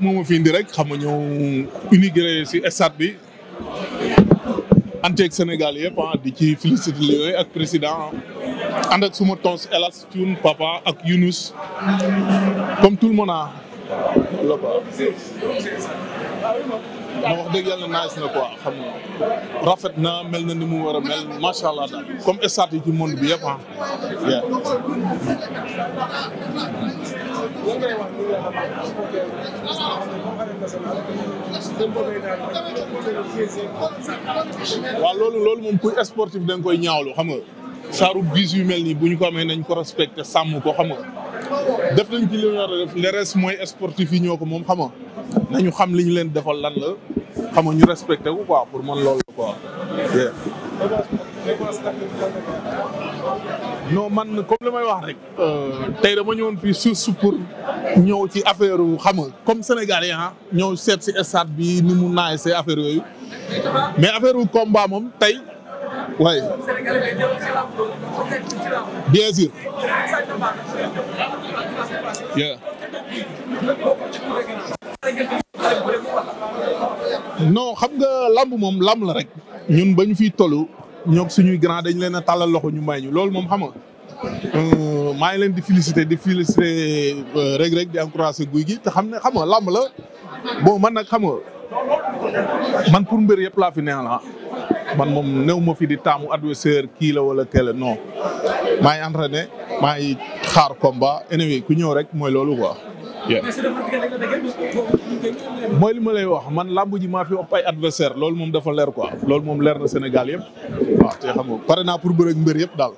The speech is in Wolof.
moom fii indi rek xam nga ñëw immigré si stade bi anteeg Sénégal yëpp ah di ci félicité yooyu ak président ah. ànd ak suma tons Elas Thioune papa ak Younous comme tout le monde ah. ma wax dëgg yàlla nice na quoi xam rafet na mel na ni mu war a mel macha allah daal comme stade yi ci monde bi yëpp ah. waaw loolu loolu moom kuy sportif da nga koy ñaawlu xam nga saaru bis yu mel nii bu ñu ko amee nañ ko respecté sàmm ko xama def nañ ci li ñu war a def le reste mooy sportif yi ñoo ko moom xam nañu xam li ñu leen defal lan la xam nga ñu respecté ko quoi pour man lool la quoi. non man comme li may wax rek. Euh, tey dama ñëwoon fii surtout pour ñëw ci affaire xam nga comme sénégal ah ñëw seet si stade bi ni mu naay see affaire yooyu mais affaire wu combat moom tey waaye. bien sûr. non xam nga lamb moom lamb la rek. ñun ba ñu fiy toll ñoog suñuy grand dañ leen a tàllal loxo ñu may ñu loolu moom xam nga euh, maa ngi leen di félicité di félicité euh, Reug Reug di encouragé guy gi te xam ne xam nga la bo man nag xam nga man pour mbër yëpp laa fi neex la ah. man moom néew ma fi di taamu adversaire kii la wala kele non maa ngi entraîné maa ngi xaar combat anyway ku ñëw rek mooy loolu quoi. mooy li ma lay wax man làmb ji maa fi ëpp ay adversaire loolu moom dafa leer quoi loolu moom leer na Sénégal yëpp. waaw te xam pare naa pour bëre ak mbër yëpp daal.